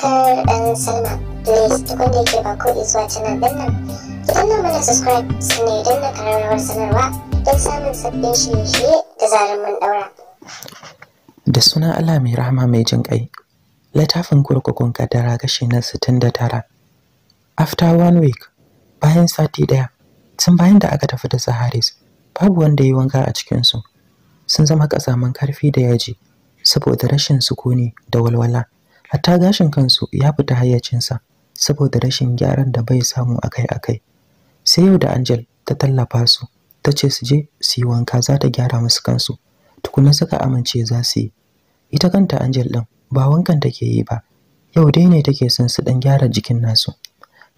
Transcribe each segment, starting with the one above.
subscribe and sign up. Please tukun da yake ba ko zuwa canal din nan. Ki danna mana subscribe sannan idan na kararrawar sanarwa don samun sabbin shirye-shirye da zarar mun daura. Da suna Allah mai rahama mai jin ƙai, littafin kurkukun kadara gashi na 69. After one week, bayan sati ɗaya, tun bayan da aka tafi da Saharis, babu wanda ya wanka a cikinsu. Sun zama ƙasaman karfi da yaji saboda rashin sukuni da walwala. hatta gashin kansu ya fita hayyacinsa saboda rashin gyaran da bai samu akai-akai sai yau da Angel ta tallafa su ta ce su je su yi wanka za ta gyara musu kansu tukuna suka amince za su yi ita kanta Angel ɗin ba wankan take yi ba yau dai ne take son su dan gyara jikin nasu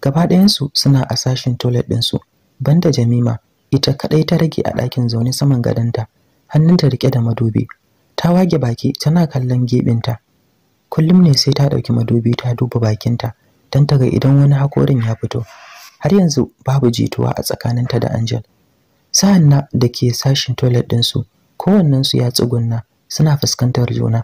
gaba ɗayansu suna a sashin toilet ɗinsu banda Jamima ita kadai ta rage a ɗakin zaune saman gadonta hannunta rike da madubi ta wage baki tana kallon gebinta kullum ne sai ta ɗauki madubi ta duba bakinta don ta ga idan wani hakorin ya fito har yanzu babu jituwa a tsakaninta da Angel sa'an na da ke sashin toilet ɗinsu kowannensu ya tsugunna suna fuskantar juna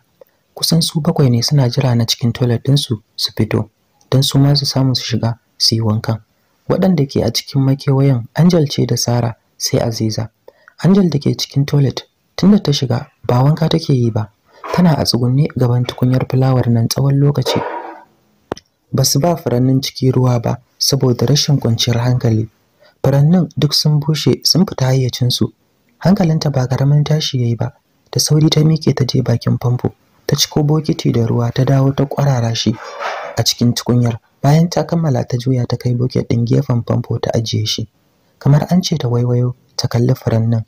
kusan su bakwai ne suna jira na cikin toilet ɗinsu su fito don su ma su samu su shiga su yi wankan waɗanda ke a cikin makewayen Angel ce da Sara sai Aziza Angel da ke cikin toilet tunda ta shiga ba wanka take yi ba tana a tsugunne gaban tukunyar fulawar nan tsawon lokaci ba su ba furannin ciki ruwa ba saboda rashin kwanciyar hankali furannin duk sun bushe sun fita hayyacinsu hankalinta ba karamin tashi ya yi ba da sauri ta miƙe ta je bakin famfo ta ciko bokiti da ruwa ta dawo ta ƙwarara shi a cikin tukunyar bayan ta kammala ta juya ta kai bokit ɗin gefen famfo ta ajiye shi kamar an ce ta waiwayo ta kalli furannin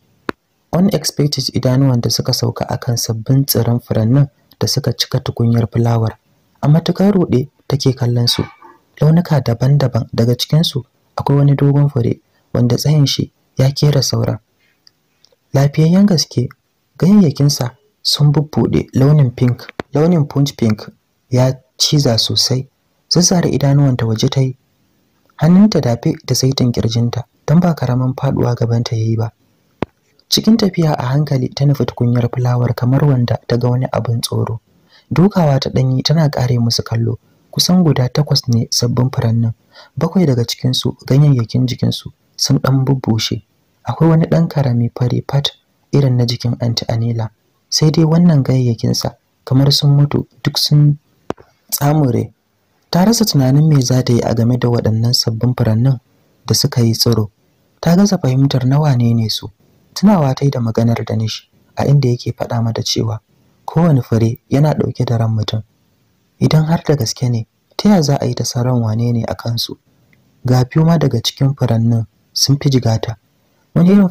unexpected idanuwan da suka sauka akan sabbin tsirran furannin da suka cika tukunyar fulawar a matukar ruɗe take kallon su launuka daban-daban daga cikinsu akwai wani dogon fure wanda tsayin shi ya kera sauran lafiyayyen gaske ganyayyakinsa sun bubbuɗe launin pink launin punch pink ya ciza sosai zazzare ta waje ta yi hannunta dafe da saitin kirjinta don ba karaman faduwa gabanta ya yi ba cikin tafiya a hankali ta nufi tukunyar fulawar kamar wanda ta ga wani abin tsoro dukawa ta ɗanyi tana kare musu kallo kusan guda takwas ne sabbin furannin bakwai daga cikinsu ganyayyakin jikinsu sun ɗan bubbushe akwai wani ɗan karami fari fat irin na jikin anti anila sai dai wannan ganyayyakinsa kamar sun mutu duk sun tsamure ta rasa tunanin me za ta yi a game da waɗannan sabbin furannin da suka yi tsiro ta gaza fahimtar nawa ne ne su tunawa ta yi da maganar danish a inda yake faɗa mata cewa kowane fure yana ɗauke da ran mutum idan har da gaske ne ta ya za a yi ta saran wane ne a kansu ga biyu ma daga cikin furannin sun fi jigata wani irin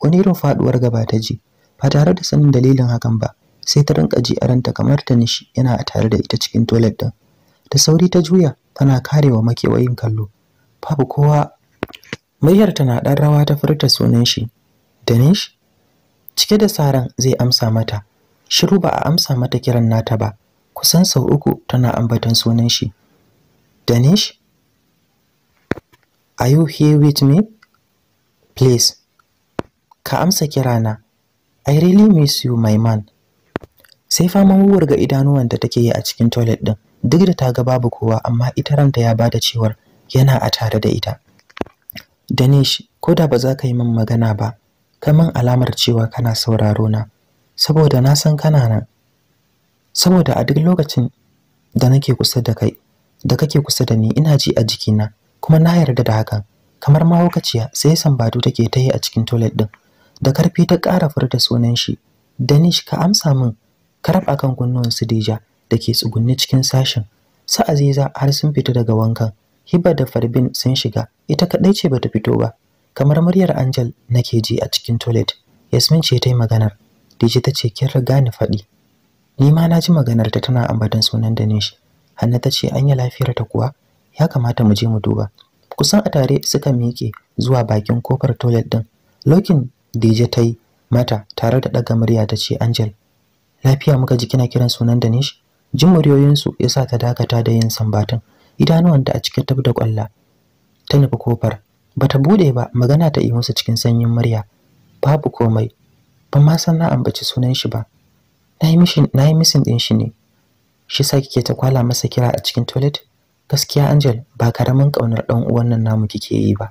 wani irin faɗuwar gaba ta ji ba tare da sanin dalilin hakan ba sai ta rinka ji aranta kamar ta nishi yana a tare da ita cikin toilet din da sauri ta juya tana karewa makewayin kallo babu kowa ta na ɗan rawa ta furta sunan shi Danish? Cike da saran zai amsa mata. Shiru ba a amsa mata kiran nata ba. Kusan sau uku tana ambaton sunan shi. Danish? Are you here with me? Please. Ka amsa kirana. I really miss you, my man. Sai fama faman idanuwan idanuwanta take yi a cikin toilet din. Duk da ta ga babu kowa amma ita ranta ya bada cewar yana a tare da ita. Danish, ko da ba za ka yi min magana ba, Ka min alamar cewa kana sauraro na saboda na san kana nan saboda a duk lokacin da nake kusa da kai da kake kusa da ni ina ji a jikina kuma na yarda da hakan kamar mahaukaciya sai sambatu take ta yi a cikin toilet din da karfi ta ƙara furta sunan shi danish ka amsa min karab akan kunnuwan su Dija, da ke tsugunni cikin sashin sa aziza har sun fita daga wankan hiba da farbin sun shiga ita kaɗai ce bata fito ba kamar muryar Angel nake ji a cikin toilet Yasmin ce ta yi maganar Dije ta ce kin riga ni faɗi ni ma na ji maganar ta tana ambaton sunan Danish Hanna ta ce anya lafiyar ta kuwa ya kamata mu je mu duba kusan a tare suka miƙe zuwa bakin kofar toilet din lokin Dije ta yi mata tare da ɗaga murya ta ce Angel lafiya muka ji kina kiran sunan Danish jin muryoyinsu ya sa ta dakata da yin sambatin idanuwanta a cikin tab da kwalla ta nufi kofar bata bude ba magana ta yi musu cikin sanyin murya babu komai Ba ma san na ambaci sunan shi ba nayi mishin nayi misin din shi ne shi sa kike ta kwala masa kira a cikin toilet gaskiya Angel ba karamin kaunar dan uwan nan namu kike yi ba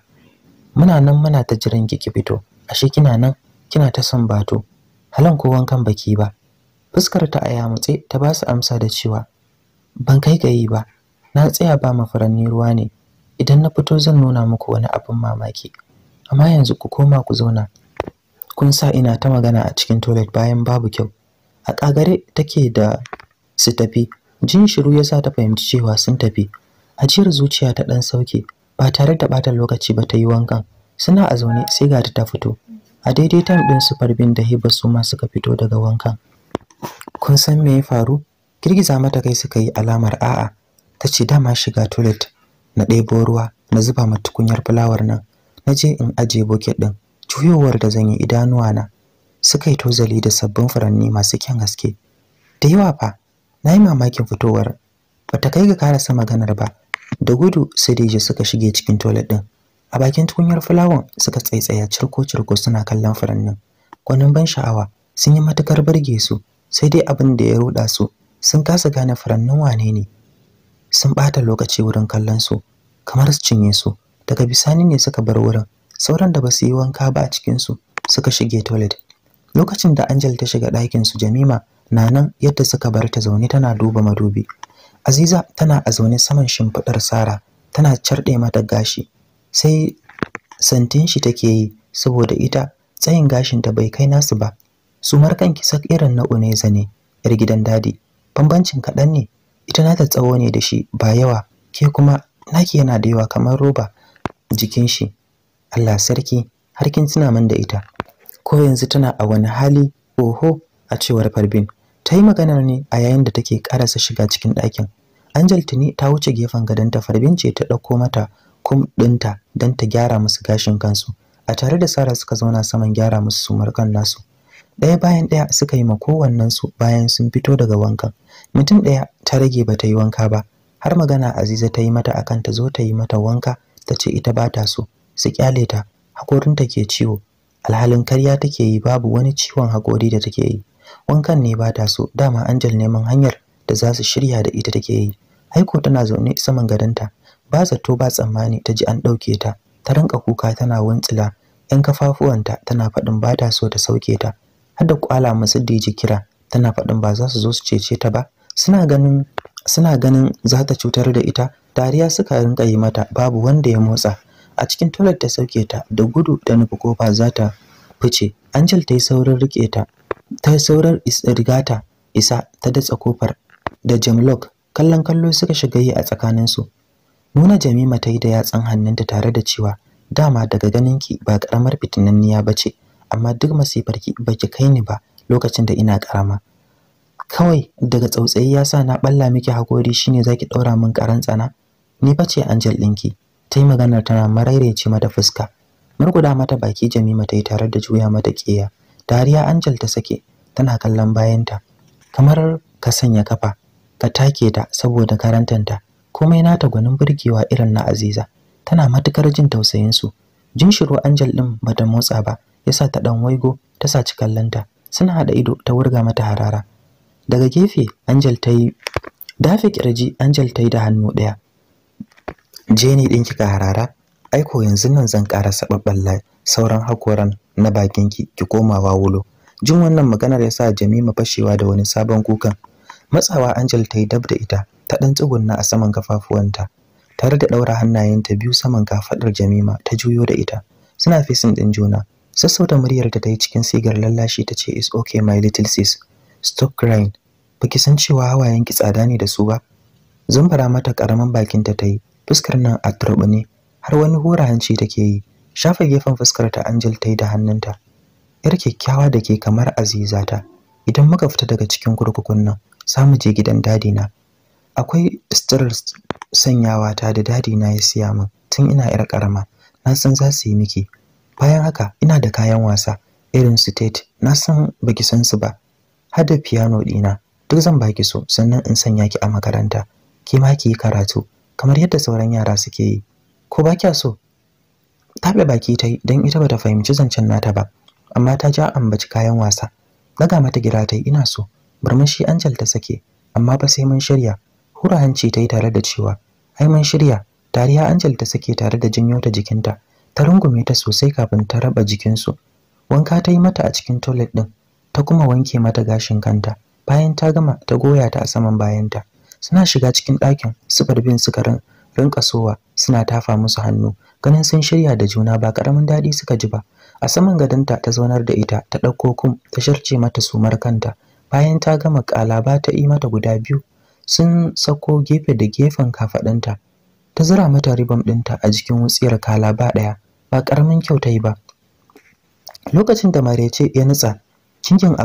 muna nan muna ta jiran ki ki fito ashe kina nan kina ta son bato halan ko wankan baki ba fuskar ta aya mutse ta ba su amsa da cewa ban kai yi ba na tsaya ba mafaranni ruwa ne idan na fito zan nuna muku wani abin mamaki amma yanzu ku koma ku zauna kun sa ina ta magana a cikin toilet bayan babu kyau a kagare take da su tafi jin shiru yasa ta fahimci cewa sun tafi ajiyar zuciya ta dan sauke ba tare da bata lokaci ba ta yi wankan suna a zaune sai ga ta fito a daidai time din su farbin da hiba su ma suka fito daga wankan kun san me ya faru girgiza mata kai suka yi alamar a'a ta ce dama shiga toilet na ɗebo ruwa na zuba ma tukunyar fulawar nan na je in ajiye bokit ɗin juyowar da zan yi idanuwa na suka yi tozali da sabbin furanni masu kyan haske da yawa fa na yi mamakin fitowar ba ta kai ga karasa maganar ba da gudu sai da suka shige cikin toilet ɗin a bakin tukunyar fulawan suka tsaitsaya cirko-cirko suna kallon furannin gwanin ban sha'awa sun yi matukar burge su sai dai abin da ya ruɗa su sun kasa gane furannin wane ne sun bata lokaci wurin kallon su kamar su cinye su daga bisani ne suka bar wurin sauran da basu yi wanka ba a su suka shige toilet lokacin da angel ta shiga ɗakin su jamima na nan yadda suka bar ta zaune tana duba madubi aziza tana a zaune saman shimfiɗar sara tana carɗe mata gashi sai santin shi take yi saboda ita tsayin gashin ta bai kai nasu ba su markan kisa irin na uneza ne yar gidan dadi bambancin kaɗan ne ita nata tsawo ne da shi ba yawa ke kuma naki yana da yawa kamar roba jikin shi Allah sarki har kin tuna min da ita ko yanzu tana a wani hali oho a cewar Farbin ta yi maganar ne a yayin da take karasa shiga cikin ɗakin Angel tuni ta wuce gefen ta Farbin ce ta ɗauko mata kum ɗinta don ta gyara musu gashin kansu a tare da Sara suka zauna saman gyara musu sumarkan nasu ɗaya bayan ɗaya suka yi ma kowannensu bayan sun fito daga wankan mutum ɗaya ta rage ba ta yi wanka ba har magana aziza ta yi mata akan ta zo ta yi mata wanka ta ce ita ba ta so su kyale ta hakorinta ke ciwo alhalin karya take yi babu wani ciwon hakori da take yi wankan ne ba ta so dama angel neman hanyar da za su shirya da ita take yi aiko tana zaune saman gadonta ba zato ba tsammani ta ji an ɗauke ta ta rinka kuka tana wuntsila 'yan kafafuwanta tana faɗin ba ta so ta sauke ta Hadda kwala masu yake kira tana faɗin ba za su zo su cece ta ba suna ganin suna ganin za ta cutar da ita dariya suka rinka yi mata babu wanda ya motsa a cikin toilet ta sauke ta da gudu da nufi kofa za ta fice Angel ta yi saurin rike ta ta yi saurin rigata isa ta datsa kofar da Jamlock kallon kallo suka shiga yi a tsakaninsu nuna Jamima ta yi da yatsan hannunta tare da cewa dama daga ganin ki ba karamar fitinanniya ba ce amma duk masifar ki baki kai ni ba lokacin da ina karama kawai daga tsautsayi yasa na balla miki hakori shine zaki daura min karan tsana ni ba ce angel dinki yi maganar tana marairece mata fuska murguda mata baki Jamima yi tare da juya mata kiya dariya angel ta sake tana kallon bayanta kamar ka sanya kafa ka take ta saboda karantanta komai nata gwanin burgewa irin na Aziza tana matukar jin tausayin su jin shiru Angel din bata motsa ba yasa ta dan waigo ta saci kallanta suna hada ido ta wurga mata harara daga gefe Angel ta yi dafe kirji Angel ta yi da hannu daya Jenny din kika harara aiko yanzu nan zan ƙara sababban sauran hakoran na bakinki ki komawa wulo jin wannan maganar yasa Jamima fashewa da wani sabon kukan matsawa Anjel ta yi dab da ita ta dan tsugunna a saman kafafuwanta tare da daura hannayenta biyu saman kafadar Jamima ta juyo da ita suna fesin din juna sassauta muryar da ta yi cikin sigar lallashi ta ce is okay my little sis stop crying ki san cewa hawayen ki tsada ne da su ba zumbara mata karaman bakin ta yi fuskar nan a turbi ne har wani hura hanci take yi shafa gefen fuskar ta Angel ta yi da hannunta yar kyakkyawa da ke kamar aziza ta idan muka fita daga cikin kurkukun nan samu je gidan dadi na akwai sitirar sanyawa ta da dadi na ya siya min tun ina yar karama na san za su yi miki bayan haka ina da kayan wasa irin su tete na san baki san su ba hada piano dina duk zan baki so sannan in sanya ki a makaranta ki ma ki karatu kamar yadda sauran yara suke yi ko ba kya so taɓe baki ta yi don ita bata fahimci zancen nata ba amma ta ja ambaci kayan wasa daga mata gira tai ina so shi Angel ta sake amma ba sai mun shirya hura hanci ta tare da cewa ai mun shirya dariya Angel ta sake tare da jinyo ta jikinta ta rungume ta sosai kafin ta raba jikinsu wanka ta yi mata a cikin toilet ɗin ta kuma wanke mata gashin kanta bayan ta gama ta goya ta a saman bayanta suna shiga cikin ɗakin su barbin suka rinka sowa suna tafa musu hannu ganin sun shirya da juna ba ƙaramin daɗi suka ji ba a saman gadonta ta zaunar da ita ta ɗauko kum ta sharce mata sumar kanta bayan ta gama ƙalaba ta yi mata guda biyu sun sako gefe da gefen kafaɗanta ta zura mata ribam ɗinta a jikin wutsiyar kala ba ɗaya ba ƙaramin kyau ta yi ba lokacin da marece ya nutsa kingin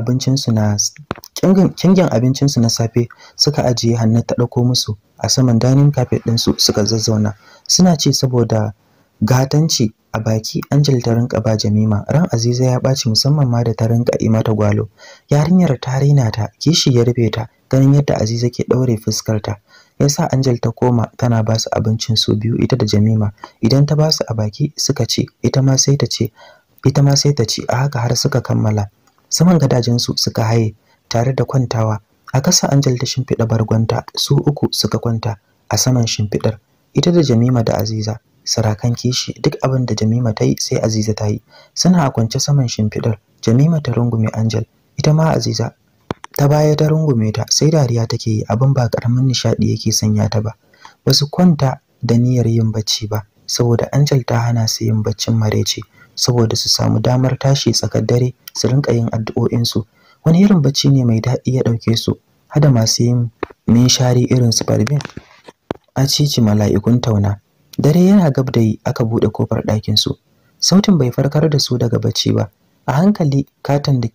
abincinsu na safe suka ajiye hannu ta ɗauko musu a saman dining carpet ɗinsu suka zazzauna suna ce saboda gatanci a baki Angel ta rinka ba Jamima ran Aziza ya ɓaci musamman ma da ta rinka yi mata gwalo yarinyar ta raina ta kishi ya rufe ta ganin yadda Aziza ke ɗaure fuskar ta ya sa Angel ta koma tana ba su abincin su biyu ita da Jamima idan ta ba su a baki suka ce ita ma sai ta ce ita ma sai ta ce a haka har suka kammala saman gadajen su suka haye tare da kwantawa a kasa Angel ta shimfiɗa bargonta su uku suka kwanta a saman shimfiɗar ita da Jamima da Aziza sarakan kishi duk abin da Jamima ta yi sai Aziza ta yi suna a kwance saman shimfiɗar Jamima ta rungume Angel ita ma Aziza ta baya ta rungume ta sai dariya take yi abin ba karamin nishadi yake sanya ta ba basu kwanta da niyyar yin bacci ba saboda Angel ta hana su yin baccin marece saboda su samu damar tashi tsakar dare su rinka yin addu'o'in su wani irin bacci ne mai daɗi ya ɗauke su hada masu yin minshari irin su barbin a cici mala'ikun tauna dare yana gab da yi aka buɗe kofar ɗakin su sautin bai farkar da su daga bacci ba a hankali katon da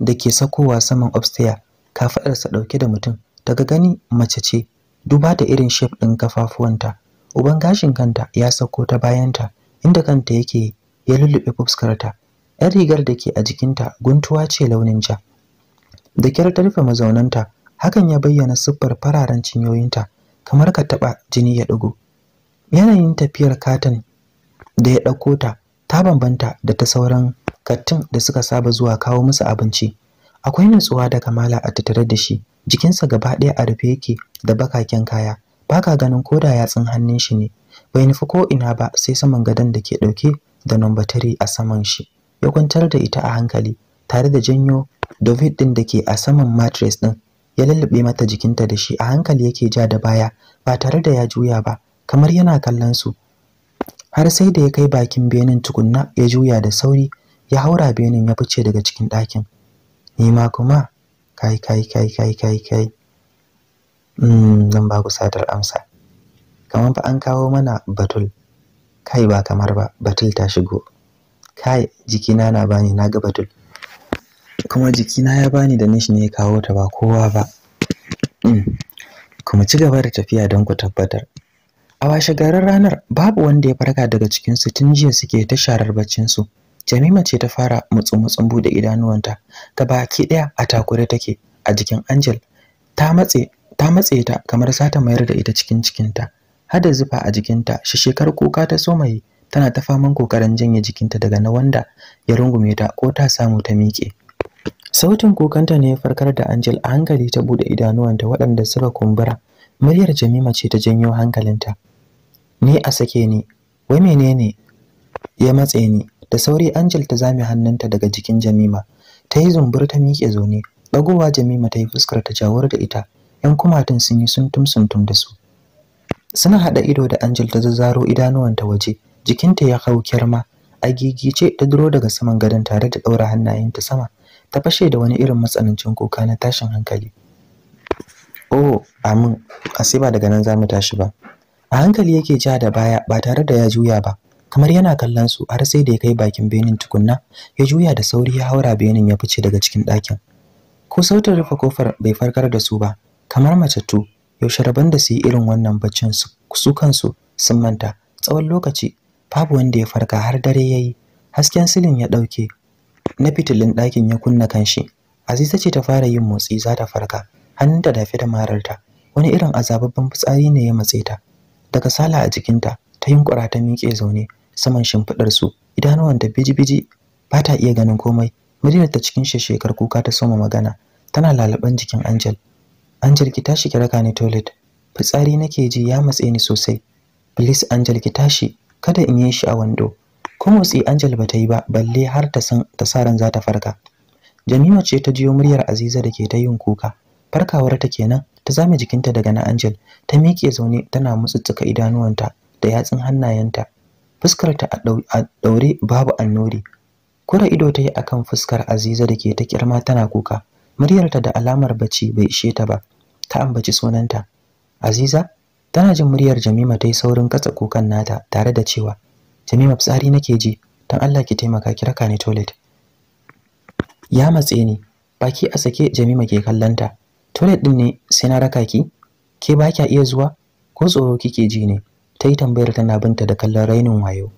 da ke sakowa saman upstairs kafaɗarsa ɗauke da mutum daga gani mace ce duba da irin shape ɗin kafafuwanta uban gashin kanta ya sako ta bayanta inda kanta yake ya lullube fuskarta yan rigar da ke a jikinta guntuwa ce launin ja da kyar ta rufe mazaunanta hakan ya bayyana siffar fararen cinyoyinta kamar ka taɓa jini ya ɗigo yanayin tafiyar katon da ya ɗauko ta ta bambanta da ta sauran kattun da suka saba zuwa kawo musu abinci akwai nutsuwa da kamala a tattare da shi jikinsa gaba ɗaya a rufe yake da bakaken kaya baka ganin ko da yatsun hannun shi ne bai nufi ko ina ba sai saman gadon da ke ɗauke da number a saman shi ya kwantar da ita a hankali tare da janyo David din da ke a saman matris ɗin. ya lullube mata jikinta da shi a hankali yake ja da baya ba tare da ya juya ba kamar yana kallon su har sai da ya kai bakin benin tukunna ya juya da sauri ya haura benin ya fice daga cikin ɗakin ni ma kuma kai kai kai kai kai kai mm, zan ba ku sadar amsa kamar fa an kawo mana batul kai ba kamar ba batul ta shigo kai jikina na bani na ga batul kuma jikina ya bani da nishi ne ya kawo ta ba kowa ba mm. kuma ci gaba da tafiya don ku tabbatar a washe garin ranar babu wanda ya farka daga cikinsu tun jiya suke ta sharar baccinsu Jamima ce ta fara mutsu-mutsun bude idanuwanta. baki daya a takure take a jikin Angel. Ta matse ta matse ta kamar sata mayar da ita cikin cikinta. Hada zufa a jikinta, shi shekar kuka ta mai tana ta faman kokarin janye jikinta daga na wanda ya rungume ta ko ta samu ta miƙe. Sautin kokanta ne ya farkar da Angel a hankali ta bude idanuwanta waɗanda suka kumbura. Muryar Jamima ce ta janyo hankalinta. Ni a sake ni, wai menene ya matse ni? da sauri Angel ta zame hannunta daga jikin Jamima ta yi zumbur ta miƙe zaune dagowa Jamima ta yi fuskar ta jawar da ita ƴan kumatun sun yi suntum suntum da su suna haɗa ido da Angel ta zazzaro idanuwanta waje jikinta ya hau kyarma a gigice ta duro daga saman gadon tare da ɗaura hannayenta sama ta fashe da wani irin matsanancin kuka na tashin hankali oh amin asiba ba daga nan za mu tashi ba a hankali yake ja da baya ba tare da ya juya ba kamar yana kallon su har sai da ya kai bakin benin tukunna ya juya da sauri ya haura benin ya fice daga cikin ɗakin ko sautin rufe kofar bai farkar da su ba kamar mace tu, yaushe rabon da su yi irin wannan baccin su kansu sun manta tsawon lokaci babu wanda ya farka har dare ya yi hasken silin ya ɗauke na fitilin ɗakin ya kunna kanshi aziza ce ta fara yin motsi za ta farka ta dafe da mararta wani irin azababban fitsari ne ya matse ta daga sala a jikinta ta yunkura ta miƙe zaune saman shimfidar su idanuwanta biji-biji ba ta iya ganin komai muryar ta cikin shekar kuka ta soma magana tana lalaban jikin Angel Angel ki tashi ki raka ni toilet fitsari nake ji ya matse ni sosai please Angel ki tashi kada in yi shi a wando ko motsi Angel ba ta yi ba balle har ta san ta sa ran za ta farka Jamima ce ta jiyo muryar Aziza da ke ta yin kuka farkawar ta kenan ta zame jikinta daga na Angel ta miƙe zaune tana mutsutsuka idanuwanta da yatsun hannayenta fuskarta a daure babu annori kura ido ta yi akan fuskar aziza da ke ta kirma tana kuka muryarta da alamar bacci bai ishe ta ba ta ambaci sunanta aziza tana jin muryar jamima ta yi saurin katsa kukan nata tare da cewa jamima fitsari nake ji don allah ki taimaka ki raka ni toilet ya matse ni baki a sake jamima ke kallanta toilet din ne sai na raka ki ke ba kya iya zuwa ko tsoro kike ji ne ta yi tambayar tana binta da kallon rainin wayo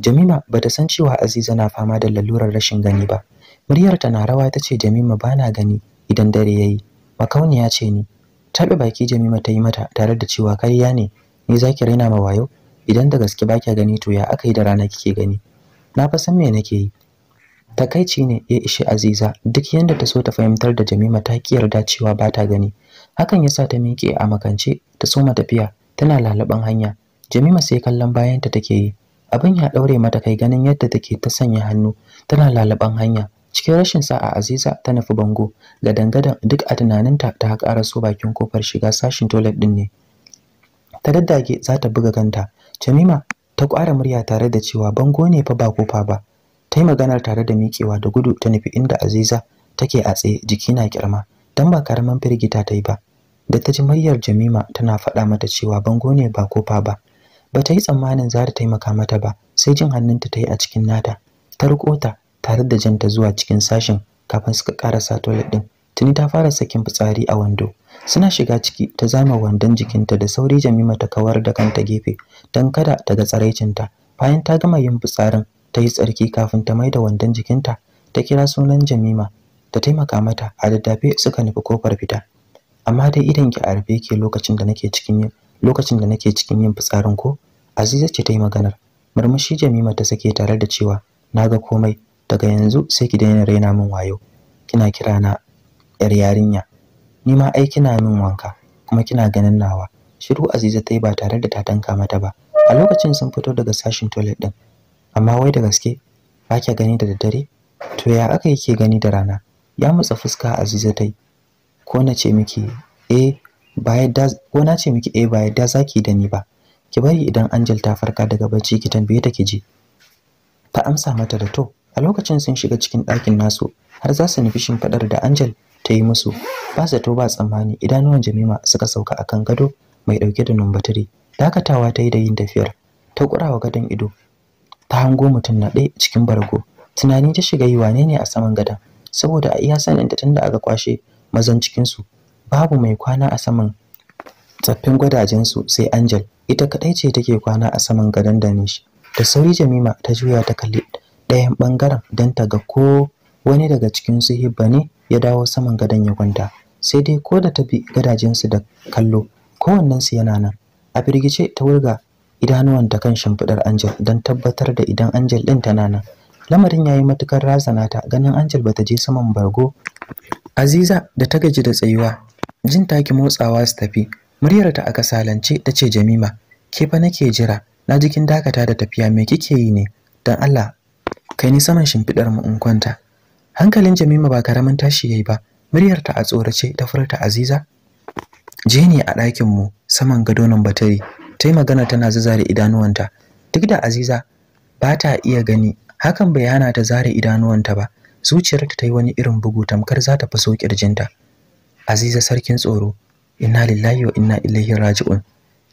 jamima ba ta san cewa aziza na fama da lalurar rashin gani ba muryar ta na rawa ta ce jamima ba na gani idan dare ya yi makauniya ce ni taɓe baki jamima ta yi mata tare da cewa karya ne ni za ki raina ma wayo idan da gaske ba kya gani to ya aka yi da rana kike gani na fa san me nake yi takaici ne ya ishe aziza duk yanda ta so ta fahimtar da jamima ta ki yarda cewa ba ta gani hakan ya sa ta miƙe a makance ta soma tafiya tana lalaban hanya Jamima sai kallon bayanta take yi. Abin ya daure mata kai ganin yadda take ta sanya hannu tana lalaban hanya. Cikin rashin sa'a Aziza ta nufi bango ga dangadan duk a tunaninta ta ƙara so bakin kofar shiga sashin toilet din ne. Ta daddage za ta buga kanta. Jamima ta ƙwara murya tare da cewa bango ne fa ba kofa ba. Ta yi maganar tare da miƙewa da gudu ta nufi inda Aziza take a tsaye jiki na kirma dan ba karaman firgita ta yi ba. Da ta ji muryar Jamima tana faɗa mata cewa bango ne ba kofa ba. ba ta yi tsammanin za ta taimaka mata ba sai jin hannunta ta yi a cikin nata ta riko ta tare da janta zuwa cikin sashin kafin suka karasa toilet din tuni ta fara sakin fitsari a wando suna shiga ciki ta zama wandon jikinta da sauri jamima ta kawar da kanta gefe don kada ta ga tsaraicinta bayan ta gama yin fitsarin ta yi tsarki kafin ta maida wandon jikinta ta kira sunan jamima ta taimaka mata a daddafe suka nufi kofar fita amma dai idan ki a ke lokacin da nake cikin yin lokacin da nake cikin yin fitsarin ko Aziza ce ta yi maganar. Murmushi Jamima ta sake tare da cewa na ga komai daga yanzu sai ki daina raina min wayo. Kina kira na yar yarinya. Ni ma ai kina min wanka kuma kina ganin nawa. Shiru Aziza ta yi ba tare da ta tanka mata ba. A lokacin sun fito daga sashin toilet din. Amma wai da gaske ba kya gani da daddare? To ya aka yake gani da rana? Ya matsa fuska Aziza ta yi. Ko na ce miki eh ba yadda ko na ce miki eh ba yadda zaki da ni ba. ki bari idan Angel ta farka daga bacci ki tambaye ta ki je. ta amsa mata da to a lokacin sun shiga cikin ɗakin nasu har za su nufi shimfiɗar da Angel ta yi musu ba zato ba tsammani idanuwan Jamima suka sauka akan gado mai ɗauke da numbatiri dakatawa ta yi da yin tafiyar ta kurawa gadon ido ta hango mutum na ɗaya cikin bargo tunani ta shiga yi wane ne a saman gadon saboda a iya sanin ta tunda aka kwashe mazan cikinsu babu mai kwana a saman tsaffin gwadajensu sai Angel ita kadai ce take kwana a saman gadon shi. da sauri Jamima ta juya ta kalli ɗayan bangaren don ta ga ko wani daga cikin su hibba ne ya dawo saman gadon ya kwanta sai dai ko da ta bi gadajensu da kallo kowannensu yana nan a firgice ta wurga idanuwanta kan shimfiɗar Angel don tabbatar da idan Angel ɗin tana nan lamarin yayi matukar razana ta ganin Angel bata je saman bargo Aziza da ta gaji da tsayuwa jin taki motsawa su tafi muryar ta aka salance ta ce Jamima ke fa nake jira na jikin dakata da tafiya me kike yi ne dan Allah kai ni saman shimfidar mu in kwanta hankalin Jamima ba karaman tashi yayi ba muryar ta a tsorace ta furta Aziza je ne a ɗakin mu saman gado nan batare tai magana tana zazzare idanuwanta duk da Aziza ba ta iya gani hakan bai hana ta zare idanuwanta ba zuciyarta ta yi wani irin bugu tamkar za ta faso kirjinta Aziza sarkin tsoro inna lillahi wa inna ilaihi raji'un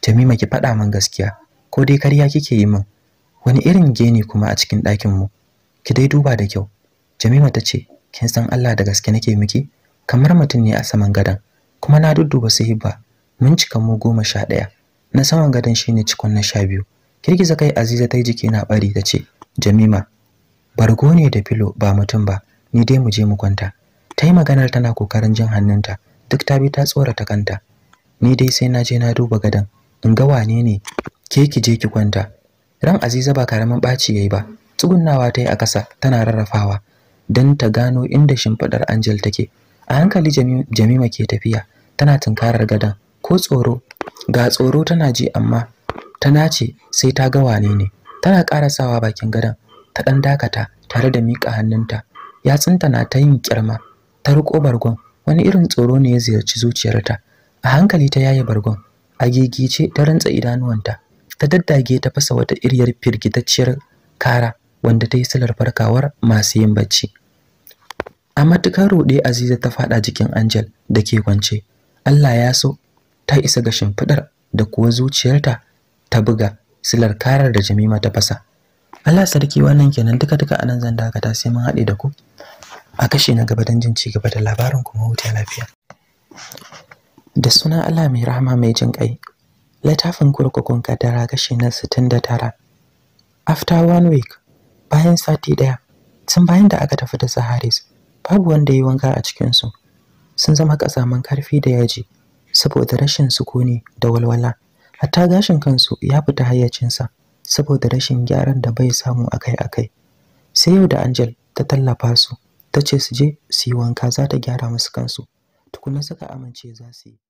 jamima ki faɗa min gaskiya ko dai karya kike yi min wani irin geni kuma a cikin ɗakin mu ki dai duba da kyau jamima ta ce kin san Allah da gaske nake miki kamar mutum ne a saman gadan kuma na dudduba su ba. mun cika mu goma sha ɗaya na saman gadon shine cikon na sha biyu girgiza kai aziza ta yi jiki na bari ta ce jamima bargo ne da filo ba mutum ba ni dai mu je mu kwanta ta yi maganar tana kokarin jin hannunta duk ta bi ta tsorata kanta ni dai sai na je na duba gadan in ga wane ne ke ki je ki kwanta ran aziza ba karamin ɓaci yayi ba tsugunnawa ta yi a ƙasa tana rarrafawa don ta gano inda shimfiɗar angel take a hankali jamima ke tafiya tana tunkarar gadan ko tsoro ga tsoro tana ji amma ta nace sai ta ga wane ne tana karasawa bakin gadan ta ɗan dakata tare da miƙa hannunta yatsunta na ta yin kirma ta riƙo bargon wani irin tsoro ne ya ziyarci zuciyarta a hankali ta yaye bargon a gigice ta rantsa idanuwanta ta daddage ta fasa wata iriyar firgitacciyar kara wanda ta yi silar farkawar masu yin bacci a matukar ruɗe aziza ta faɗa jikin angel da ke kwance allah ya so ta isa ga shimfiɗar da kuwa zuciyarta ta buga silar karar da jamima ta fasa allah sarki wannan kenan duka duka anan zan dakata sai mun haɗe da ku a kashe na gaba don jin ci gaba da labarin kuma wuta lafiya da suna Allah mai rahama mai jin kai littafin kurkukun kadara kashe na 69 after one week bayan sati daya tun bayan da aka tafi da Saharis babu wanda yi wanka a cikinsu. sun zama kasaman karfi da yaji saboda rashin sukuni da walwala hatta gashin kansu ya fita hayyacinsa saboda rashin gyaran da bai samu akai-akai sai yau da Angel ta tallafa su ta ce su je su yi wanka za ta gyara musu kansu tukunna suka amince za su yi